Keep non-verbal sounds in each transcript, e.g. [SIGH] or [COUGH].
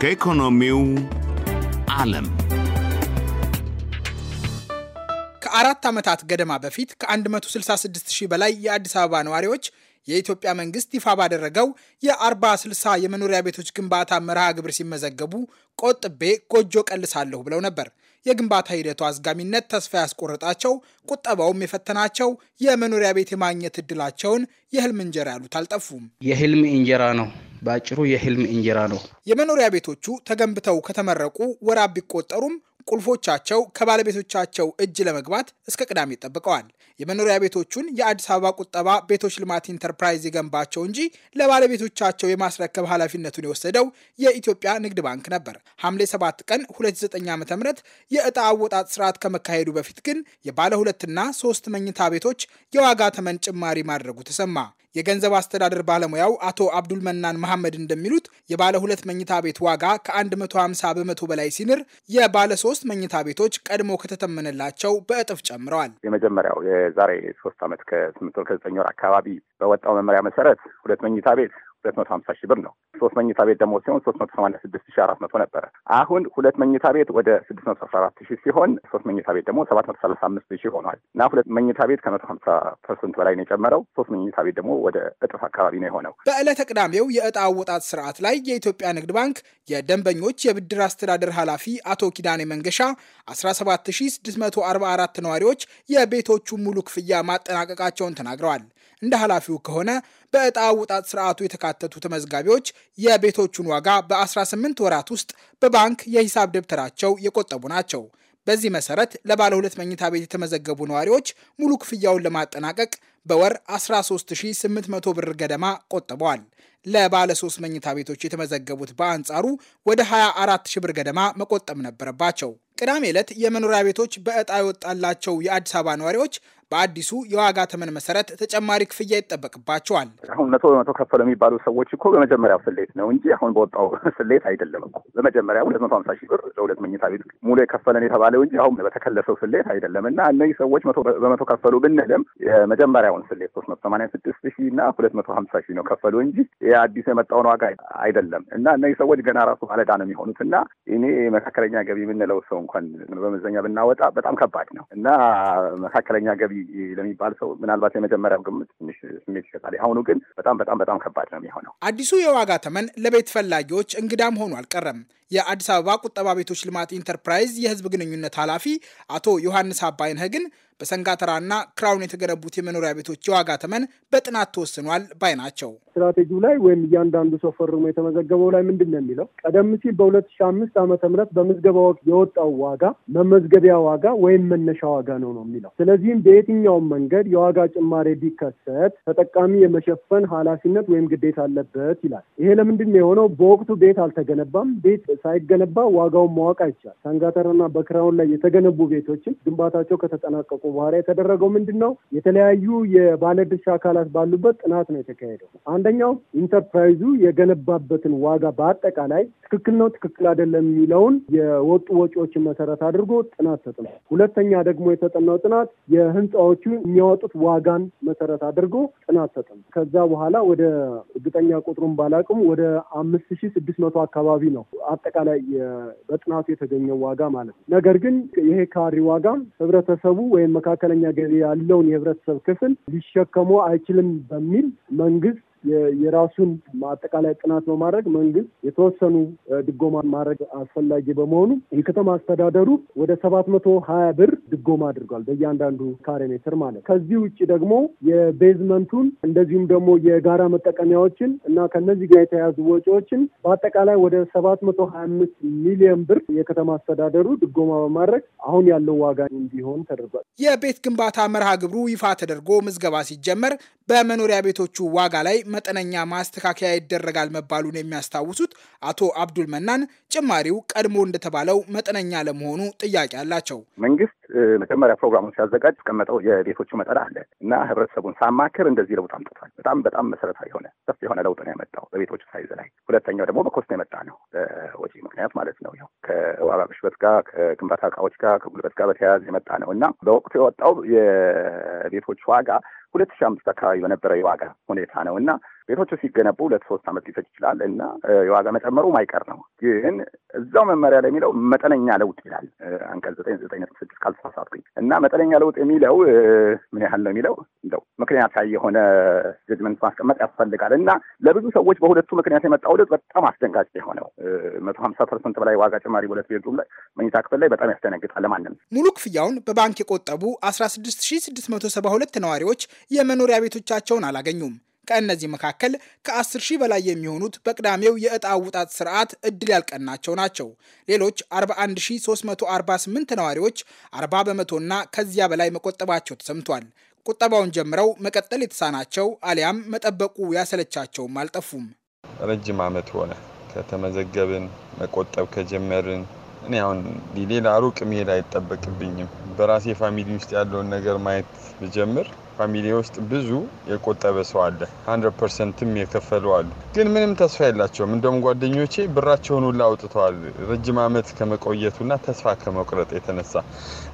ከኢኮኖሚው ዓለም ከአራት ዓመታት ገደማ በፊት ከ166 ሺህ በላይ የአዲስ አበባ ነዋሪዎች የኢትዮጵያ መንግስት ይፋ ባደረገው የአርባ ስልሳ የመኖሪያ ቤቶች ግንባታ መርሃ ግብር ሲመዘገቡ ቆጥቤ ጎጆ ቀልሳለሁ ብለው ነበር። የግንባታ ሂደቱ አዝጋሚነት ተስፋ ያስቆረጣቸው፣ ቁጠባውም የፈተናቸው የመኖሪያ ቤት የማግኘት እድላቸውን የህልም እንጀራ ያሉት አልጠፉም። የህልም እንጀራ ነው። በአጭሩ የህልም እንጀራ ነው። የመኖሪያ ቤቶቹ ተገንብተው ከተመረቁ ወራት ቢቆጠሩም ቁልፎቻቸው ከባለቤቶቻቸው እጅ ለመግባት እስከ ቅዳሜ ጠብቀዋል። የመኖሪያ ቤቶቹን የአዲስ አበባ ቁጠባ ቤቶች ልማት ኢንተርፕራይዝ የገንባቸው እንጂ ለባለቤቶቻቸው የማስረከብ ኃላፊነቱን የወሰደው የኢትዮጵያ ንግድ ባንክ ነበር። ሐምሌ 7 ቀን 29 ዓ ም የዕጣ አወጣጥ ስርዓት ከመካሄዱ በፊት ግን የባለ ሁለትና ሶስት መኝታ ቤቶች የዋጋ ተመን ጭማሪ ማድረጉ ተሰማ። የገንዘብ አስተዳደር ባለሙያው አቶ አብዱል መናን መሐመድ እንደሚሉት የባለ ሁለት መኝታ ቤት ዋጋ ከ150 በመቶ በላይ ሲንር የባለ ሶስት መኝታ ቤቶች ቀድሞ ከተተመነላቸው በእጥፍ ጨምረዋል። የመጀመሪያው የዛሬ ሶስት ዓመት ከስምንት ወር ከዘጠኝ ወር አካባቢ በወጣው መመሪያ መሰረት ሁለት መኝታ ቤት ሁለት መቶ ሀምሳ ሺህ ብር ነው። ሶስት መኝታ ቤት ደግሞ ሲሆን ሶስት መቶ ሰማንያ ስድስት ሺህ አራት መቶ ነበረ። አሁን ሁለት መኝታ ቤት ወደ ስድስት መቶ አስራ አራት ሺህ ሲሆን ሶስት መኝታ ቤት ደግሞ ሰባት መቶ ሰላሳ አምስት ሺህ ሆኗል እና ሁለት መኝታ ቤት ከመቶ ሀምሳ ፐርሰንት በላይ ነው የጨመረው። ሶስት መኝታ ቤት ደግሞ ወደ እጥፍ አካባቢ ነው የሆነው። በዕለተ ቅዳሜው የእጣ አወጣት ስርዓት ላይ የኢትዮጵያ ንግድ ባንክ የደንበኞች የብድር አስተዳደር ኃላፊ አቶ ኪዳኔ መንገሻ አስራ ሰባት ሺህ ስድስት መቶ አርባ አራት ነዋሪዎች የቤቶቹ ሙሉ ክፍያ ማጠናቀቃቸውን ተናግረዋል። እንደ ኃላፊው ከሆነ በዕጣ ውጣት ስርዓቱ የተካተቱ ተመዝጋቢዎች የቤቶቹን ዋጋ በ18 ወራት ውስጥ በባንክ የሂሳብ ደብተራቸው የቆጠቡ ናቸው። በዚህ መሰረት ለባለ ሁለት መኝታ ቤት የተመዘገቡ ነዋሪዎች ሙሉ ክፍያውን ለማጠናቀቅ በወር 13800 ብር ገደማ ቆጥበዋል። ለባለ ሶስት መኝታ ቤቶች የተመዘገቡት በአንጻሩ ወደ 24000 ብር ገደማ መቆጠብ ነበረባቸው። ቅዳሜ ዕለት የመኖሪያ ቤቶች በዕጣ የወጣላቸው የአዲስ አበባ ነዋሪዎች በአዲሱ የዋጋ ተመን መሰረት ተጨማሪ ክፍያ ይጠበቅባቸዋል። አሁን መቶ በመቶ ከፈለ የሚባሉ ሰዎች እኮ በመጀመሪያው ስሌት ነው እንጂ አሁን በወጣው [LAUGHS] ስሌት አይደለም እኮ በመጀመሪያ ሁለት መቶ ሀምሳ ሺህ ብር ለሁለት መኝታ ቤት ሙሉ የከፈለን የተባለው እንጂ አሁን በተከለሰው ስሌት አይደለም እና እነዚህ ሰዎች መቶ በመቶ ከፈሉ ብንልም የመጀመሪያውን ስሌት ሶስት መቶ ሰማንያ ስድስት ሺህ እና ሁለት መቶ ሀምሳ ሺህ ነው ከፈሉ እንጂ የአዲሱ የመጣውን ዋጋ አይደለም እና እነዚህ ሰዎች ገና ራሱ ባለዕዳ ነው የሚሆኑት እና እኔ መካከለኛ ገቢ የምንለው ሰው እንኳን በመዘኛ ብናወጣ በጣም ከባድ ነው እና መካከለኛ ገቢ ለሚባል ሰው ምናልባት የመጀመሪያው ግምት ትንሽ ስሜት ይሸጣል። አሁኑ ግን በጣም በጣም በጣም ከባድ ነው የሚሆነው። አዲሱ የዋጋ ተመን ለቤት ፈላጊዎች እንግዳም ሆኖ አልቀረም። የአዲስ አበባ ቁጠባ ቤቶች ልማት ኢንተርፕራይዝ የህዝብ ግንኙነት ኃላፊ አቶ ዮሐንስ አባይነህ ግን በሰንጋተራና ክራውን የተገነቡት የመኖሪያ ቤቶች የዋጋ ተመን በጥናት ተወስኗል ባይ ናቸው። ስትራቴጂው ላይ ወይም እያንዳንዱ ሰው ፈርሞ የተመዘገበው ላይ ምንድን ነው የሚለው ቀደም ሲል በሁለት ሺህ አምስት ዓመተ ምህረት በምዝገባ ወቅት የወጣው ዋጋ መመዝገቢያ ዋጋ ወይም መነሻ ዋጋ ነው ነው የሚለው ስለዚህም በየትኛውም መንገድ የዋጋ ጭማሬ ቢከሰት ተጠቃሚ የመሸፈን ኃላፊነት ወይም ግዴታ አለበት ይላል። ይሄ ለምንድን ነው የሆነው? በወቅቱ ቤት አልተገነባም። ቤት ሳይገነባ ዋጋውን ማወቅ አይቻል። ሳንጋተራና በክራውን ላይ የተገነቡ ቤቶችን ግንባታቸው ከተጠናቀቁ በኋላ የተደረገው ምንድን ነው? የተለያዩ የባለድርሻ አካላት ባሉበት ጥናት ነው የተካሄደው። አንደኛው ኢንተርፕራይዙ የገነባበትን ዋጋ በአጠቃላይ ትክክል ነው ትክክል አይደለም የሚለውን የወጡ ወጪዎችን መሰረት አድርጎ ጥናት ተጥኗል። ሁለተኛ ደግሞ የተጠናው ጥናት የህንፃዎቹ የሚያወጡት ዋጋን መሰረት አድርጎ ጥናት ተጥኗል። ከዛ በኋላ ወደ እርግጠኛ ቁጥሩን ባላቅም ወደ አምስት ሺ ስድስት መቶ አካባቢ ነው አጠቃላይ በጥናቱ የተገኘው ዋጋ ማለት ነው። ነገር ግን ይሄ ካሪ ዋጋ ህብረተሰቡ ወይም መካከለኛ ገቢ ያለውን የህብረተሰብ ክፍል ሊሸከሙ አይችልም በሚል መንግስት የራሱን አጠቃላይ ጥናት በማድረግ መንግስት የተወሰኑ ድጎማ ማድረግ አስፈላጊ በመሆኑ የከተማ አስተዳደሩ ወደ ሰባት መቶ ሀያ ብር ድጎማ አድርጓል በእያንዳንዱ ካሬ ሜትር ማለት። ከዚህ ውጭ ደግሞ የቤዝመንቱን እንደዚሁም ደግሞ የጋራ መጠቀሚያዎችን እና ከነዚህ ጋር የተያያዙ ወጪዎችን በአጠቃላይ ወደ ሰባት መቶ ሀያ አምስት ሚሊዮን ብር የከተማ አስተዳደሩ ድጎማ በማድረግ አሁን ያለው ዋጋ እንዲሆን ተደርጓል። የቤት ግንባታ መርሃ ግብሩ ይፋ ተደርጎ ምዝገባ ሲጀመር በመኖሪያ ቤቶቹ ዋጋ ላይ መጠነኛ ማስተካከያ ይደረጋል መባሉን የሚያስታውሱት አቶ አብዱል መናን ጭማሪው ቀድሞ እንደተባለው መጠነኛ ለመሆኑ ጥያቄ አላቸው። መንግስት መጀመሪያ ፕሮግራሙን ሲያዘጋጅ ያስቀመጠው የቤቶቹ መጠን አለ እና ህብረተሰቡን ሳማክር እንደዚህ ለውጥ አምጥቷል። በጣም በጣም መሰረታዊ የሆነ ሰፊ የሆነ ለውጥ ነው ያመጣው በቤቶቹ ሳይዝ ላይ። ሁለተኛው ደግሞ በኮስት ነው የመጣ ነው፣ በወጪ ምክንያት ማለት ነው። ያው ከዋጋ ግሽበት ጋር ከግንባታ እቃዎች ጋር ከጉልበት ጋር በተያያዘ የመጣ ነው እና በወቅቱ የወጣው የቤቶች ዋጋ ሁለት ሺህ አምስት አካባቢ በነበረ የዋጋ ሁኔታ ነው እና ቤቶቹ ሲገነቡ ሁለት ሶስት ዓመት ሊፈጅ ይችላል እና የዋጋ መጨመሩ ማይቀር ነው። ግን እዛው መመሪያ ላይ የሚለው መጠነኛ ለውጥ ይላል አንቀጽ ዘጠኝ ዘጠኝ ነጥብ ስድስት ካልተሳሳትኩኝ እና መጠነኛ ለውጥ የሚለው ምን ያህል ነው የሚለው እንደው ምክንያታዊ የሆነ ጀጅመንት ማስቀመጥ ያስፈልጋል እና ለብዙ ሰዎች በሁለቱ ምክንያት የመጣው ለውጥ በጣም አስደንጋጭ የሆነው መቶ ሀምሳ ፐርሰንት በላይ ዋጋ ጭማሪ በሁለት ቤድሩም ላይ መኝታ ክፍል ላይ በጣም ያስደነግጣል ለማንም። ሙሉ ክፍያውን በባንክ የቆጠቡ ሁለት ነዋሪዎች የመኖሪያ ቤቶቻቸውን አላገኙም። ከእነዚህ መካከል ከ10 ሺህ በላይ የሚሆኑት በቅዳሜው የእጣ አውጣት ስርዓት እድል ያልቀናቸው ናቸው። ሌሎች 41348 ነዋሪዎች 40 በመቶና ከዚያ በላይ መቆጠባቸው ተሰምቷል። ቁጠባውን ጀምረው መቀጠል የተሳናቸው አሊያም መጠበቁ ያሰለቻቸውም አልጠፉም። ረጅም ዓመት ሆነ ከተመዘገብን መቆጠብ ከጀመርን እኔ አሁን ሌላ ሩቅ መሄድ አይጠበቅብኝም። በራሴ ፋሚሊ ውስጥ ያለውን ነገር ማየት ብጀምር ፋሚሊ ውስጥ ብዙ የቆጠበ ሰው አለ፣ 100 ፐርሰንትም የከፈሉ አሉ። ግን ምንም ተስፋ የላቸውም። እንደውም ጓደኞቼ ብራቸውን ሁላ አውጥተዋል፣ ረጅም ዓመት ከመቆየቱና ተስፋ ከመቁረጥ የተነሳ።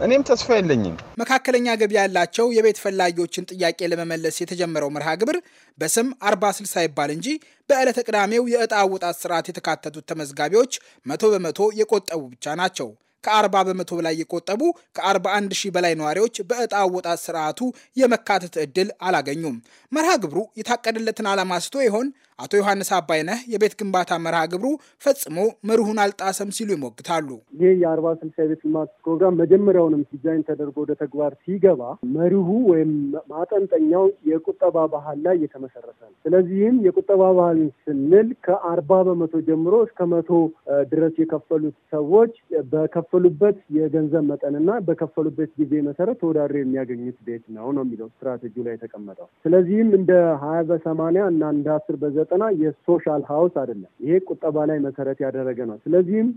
እኔም ተስፋ የለኝም። መካከለኛ ገቢ ያላቸው የቤት ፈላጊዎችን ጥያቄ ለመመለስ የተጀመረው መርሃ ግብር በስም 46 ይባል እንጂ በዕለተ ቅዳሜው የዕጣ አውጣት ስርዓት የተካተቱት ተመዝጋቢዎች መቶ በመቶ የቆጠቡ ብቻ ናቸው። ከ40 በመቶ በላይ የቆጠቡ ከ41 ሺህ በላይ ነዋሪዎች በዕጣ አወጣት ስርዓቱ የመካተት ዕድል አላገኙም። መርሃ ግብሩ የታቀደለትን ዓላማ ስቶ ይሆን? አቶ ዮሐንስ አባይነህ የቤት ግንባታ መርሃ ግብሩ ፈጽሞ መርሁን አልጣሰም ሲሉ ይሞግታሉ። ይህ የአርባ ስልሳ የቤት ልማት ፕሮግራም መጀመሪያውንም ዲዛይን ተደርጎ ወደ ተግባር ሲገባ መርሁ ወይም ማጠንጠኛው የቁጠባ ባህል ላይ የተመሰረተ ነው። ስለዚህም የቁጠባ ባህል ስንል ከአርባ በመቶ ጀምሮ እስከ መቶ ድረስ የከፈሉት ሰዎች በከፈሉበት የገንዘብ መጠንና በከፈሉበት ጊዜ መሰረት ተወዳድሮ የሚያገኙት ቤት ነው ነው የሚለው ስትራቴጂ ላይ የተቀመጠው። ስለዚህም እንደ ሀያ በሰማንያ እና እንደ አስር በዘጠ ስናጠና የሶሻል ሀውስ አይደለም። ይሄ ቁጠባ ላይ መሰረት ያደረገ ነው። ስለዚህም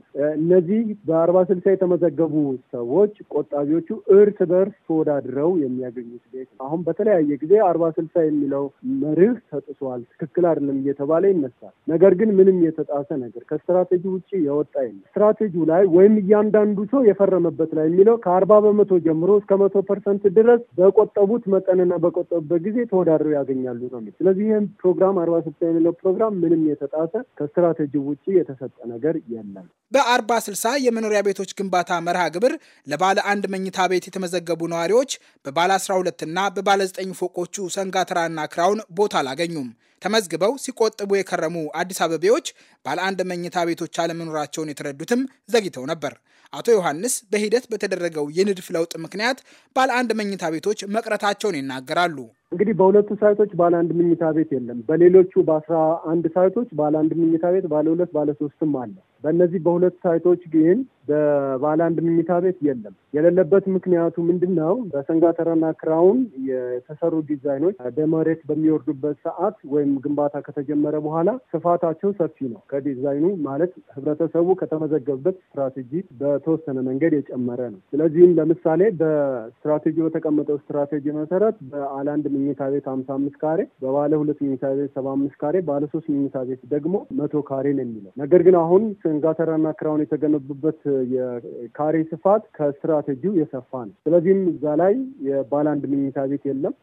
እነዚህ በአርባ ስልሳ የተመዘገቡ ሰዎች ቆጣቢዎቹ እርስ በርስ ተወዳድረው የሚያገኙት ቤት አሁን በተለያየ ጊዜ አርባ ስልሳ የሚለው መርህ ተጥሷል፣ ትክክል አይደለም እየተባለ ይነሳል። ነገር ግን ምንም የተጣሰ ነገር ከስትራቴጂ ውጭ የወጣ የለም። ስትራቴጂው ላይ ወይም እያንዳንዱ ሰው የፈረመበት ላይ የሚለው ከአርባ በመቶ ጀምሮ እስከ መቶ ፐርሰንት ድረስ በቆጠቡት መጠንና በቆጠቡበት ጊዜ ተወዳድረው ያገኛሉ ነው። ስለዚህ ይህም ፕሮግራም አርባ ስልሳ ያለው ፕሮግራም ምንም የተጣሰ ከስትራቴጂ ውጭ የተሰጠ ነገር የለም። በአርባ ስልሳ የመኖሪያ ቤቶች ግንባታ መርሃ ግብር ለባለ አንድ መኝታ ቤት የተመዘገቡ ነዋሪዎች በባለ 12 እና በባለ 9 ፎቆቹ ሰንጋትራና ክራውን ቦታ አላገኙም። ተመዝግበው ሲቆጥቡ የከረሙ አዲስ አበቤዎች ባለ አንድ መኝታ ቤቶች አለመኖራቸውን የተረዱትም ዘግይተው ነበር። አቶ ዮሐንስ በሂደት በተደረገው የንድፍ ለውጥ ምክንያት ባለ አንድ መኝታ ቤቶች መቅረታቸውን ይናገራሉ። እንግዲህ በሁለቱ ሳይቶች ባለ አንድ ምኝታ ቤት የለም። በሌሎቹ በአስራ አንድ ሳይቶች ባለ አንድ ምኝታ ቤት፣ ባለ ሁለት፣ ባለ ሶስትም አለ። በእነዚህ በሁለት ሳይቶች ግን በባለ አንድ ምኝታ ቤት የለም። የሌለበት ምክንያቱ ምንድን ነው? በሰንጋተራና ክራውን የተሰሩ ዲዛይኖች ወደ መሬት በሚወርዱበት ሰዓት ወይም ግንባታ ከተጀመረ በኋላ ስፋታቸው ሰፊ ነው። ከዲዛይኑ ማለት ህብረተሰቡ ከተመዘገበበት ስትራቴጂ በተወሰነ መንገድ የጨመረ ነው። ስለዚህም ለምሳሌ በስትራቴጂ በተቀመጠው ስትራቴጂ መሰረት በአለ አንድ ምኝታ ቤት ሀምሳ አምስት ካሬ፣ በባለ ሁለት ምኝታ ቤት ሰባ አምስት ካሬ፣ ባለ ሶስት ምኝታ ቤት ደግሞ መቶ ካሬ ነው የሚለው ነገር ግን አሁን ሰንጋተራና ክራውን የተገነቡበት የካሬ ስፋት ከስትራቴጂው የሰፋ ነው። ስለዚህም እዛ ላይ የባለ አንድ መኝታ ቤት የለም፣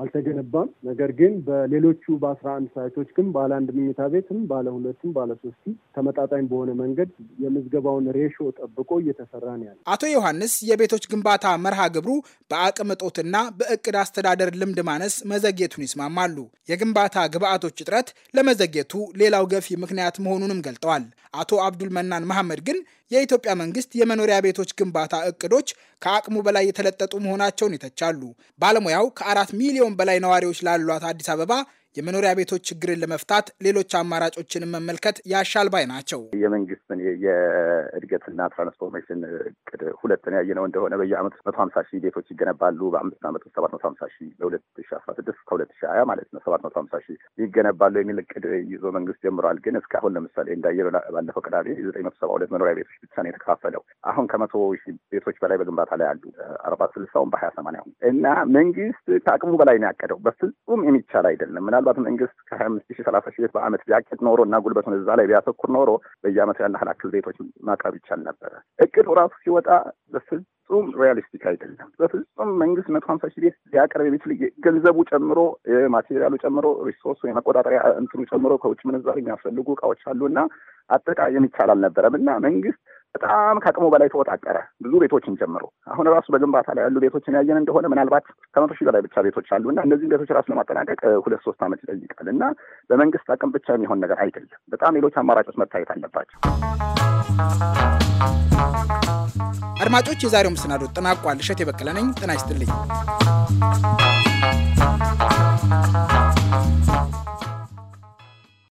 አልተገነባም። ነገር ግን በሌሎቹ በአስራ አንድ ሳይቶች ግን ባለ አንድ መኝታ ቤትም ባለ ሁለትም ባለ ሶስትም ተመጣጣኝ በሆነ መንገድ የምዝገባውን ሬሾ ጠብቆ እየተሰራ ነው ያለ አቶ ዮሐንስ የቤቶች ግንባታ መርሃ ግብሩ በአቅም እጦትና በእቅድ አስተዳደር ልምድ ማነስ መዘግየቱን ይስማማሉ። የግንባታ ግብአቶች እጥረት ለመዘግየቱ ሌላው ገፊ ምክንያት መሆኑንም ገልጠዋል። አቶ አብዱል መናን መሐመድ ግን የኢትዮጵያ መንግስት የመኖሪያ ቤቶች ግንባታ እቅዶች ከአቅሙ በላይ የተለጠጡ መሆናቸውን ይተቻሉ። ባለሙያው ከአራት ሚሊዮን በላይ ነዋሪዎች ላሏት አዲስ አበባ የመኖሪያ ቤቶች ችግርን ለመፍታት ሌሎች አማራጮችንም መመልከት ያሻል ባይ ናቸው። የመንግስትን የእድገትና ትራንስፎርሜሽን እቅድ ሁለትን ያየነው እንደሆነ በየአመቱ መቶ ሀምሳ ሺህ ቤቶች ይገነባሉ። በአምስት አመት ውስጥ ሰባት መቶ ሀምሳ ሺህ በሁለት ሺ አስራ ስድስት ከሁለት ሺ ሀያ ማለት ነው ሰባት መቶ ሀምሳ ሺህ ይገነባሉ የሚል እቅድ ይዞ መንግስት ጀምሯል። ግን እስካሁን ለምሳሌ እንዳየ ባለፈው ቅዳሜ ዘጠኝ መቶ ሰባ ሁለት መኖሪያ ቤቶች ብቻ ነው የተከፋፈለው። አሁን ከመቶ ሺህ ቤቶች በላይ በግንባታ ላይ አሉ። አርባ ስልሳውን በሀያ ሰማንያ እና መንግስት ከአቅሙ በላይ ነው ያቀደው። በፍጹም የሚቻል አይደለም ምናልባት መንግስት ከሀያ አምስት ሺህ ሰላሳ ሺህ ቤት በአመት ቢያቅድ ኖሮ እና ጉልበቱን እዛ ላይ ቢያተኩር ኖሮ በየአመቱ ያን ያህል አክል ቤቶች ማቅረብ ይቻል ነበረ። እቅዱ ራሱ ሲወጣ በፍጹም ሪያሊስቲክ አይደለም። በፍጹም መንግስት መቶ ሀምሳ ሺህ ቤት ሊያቀርብ የሚችል ገንዘቡ ጨምሮ ማቴሪያሉ ጨምሮ ሪሶርሱ የመቆጣጠሪያ እንትኑ ጨምሮ ከውጭ ምንዛሪ የሚያስፈልጉ እቃዎች አሉ እና አጠቃየም ይቻል አልነበረም እና መንግስት በጣም ከአቅሙ በላይ ተወጣጠረ። ብዙ ቤቶችን ጀምሮ አሁን ራሱ በግንባታ ላይ ያሉ ቤቶችን ያየን እንደሆነ ምናልባት ከመቶ ሺህ በላይ ብቻ ቤቶች አሉ እና እነዚህን ቤቶች ራሱ ለማጠናቀቅ ሁለት ሶስት ዓመት ይጠይቃል እና በመንግስት አቅም ብቻ የሚሆን ነገር አይደለም። በጣም ሌሎች አማራጮች መታየት አለባቸው። አድማጮች፣ የዛሬው መሰናዶ ተጠናቋል። እሸት የበቀለ ነኝ። ጤና ይስጥልኝ።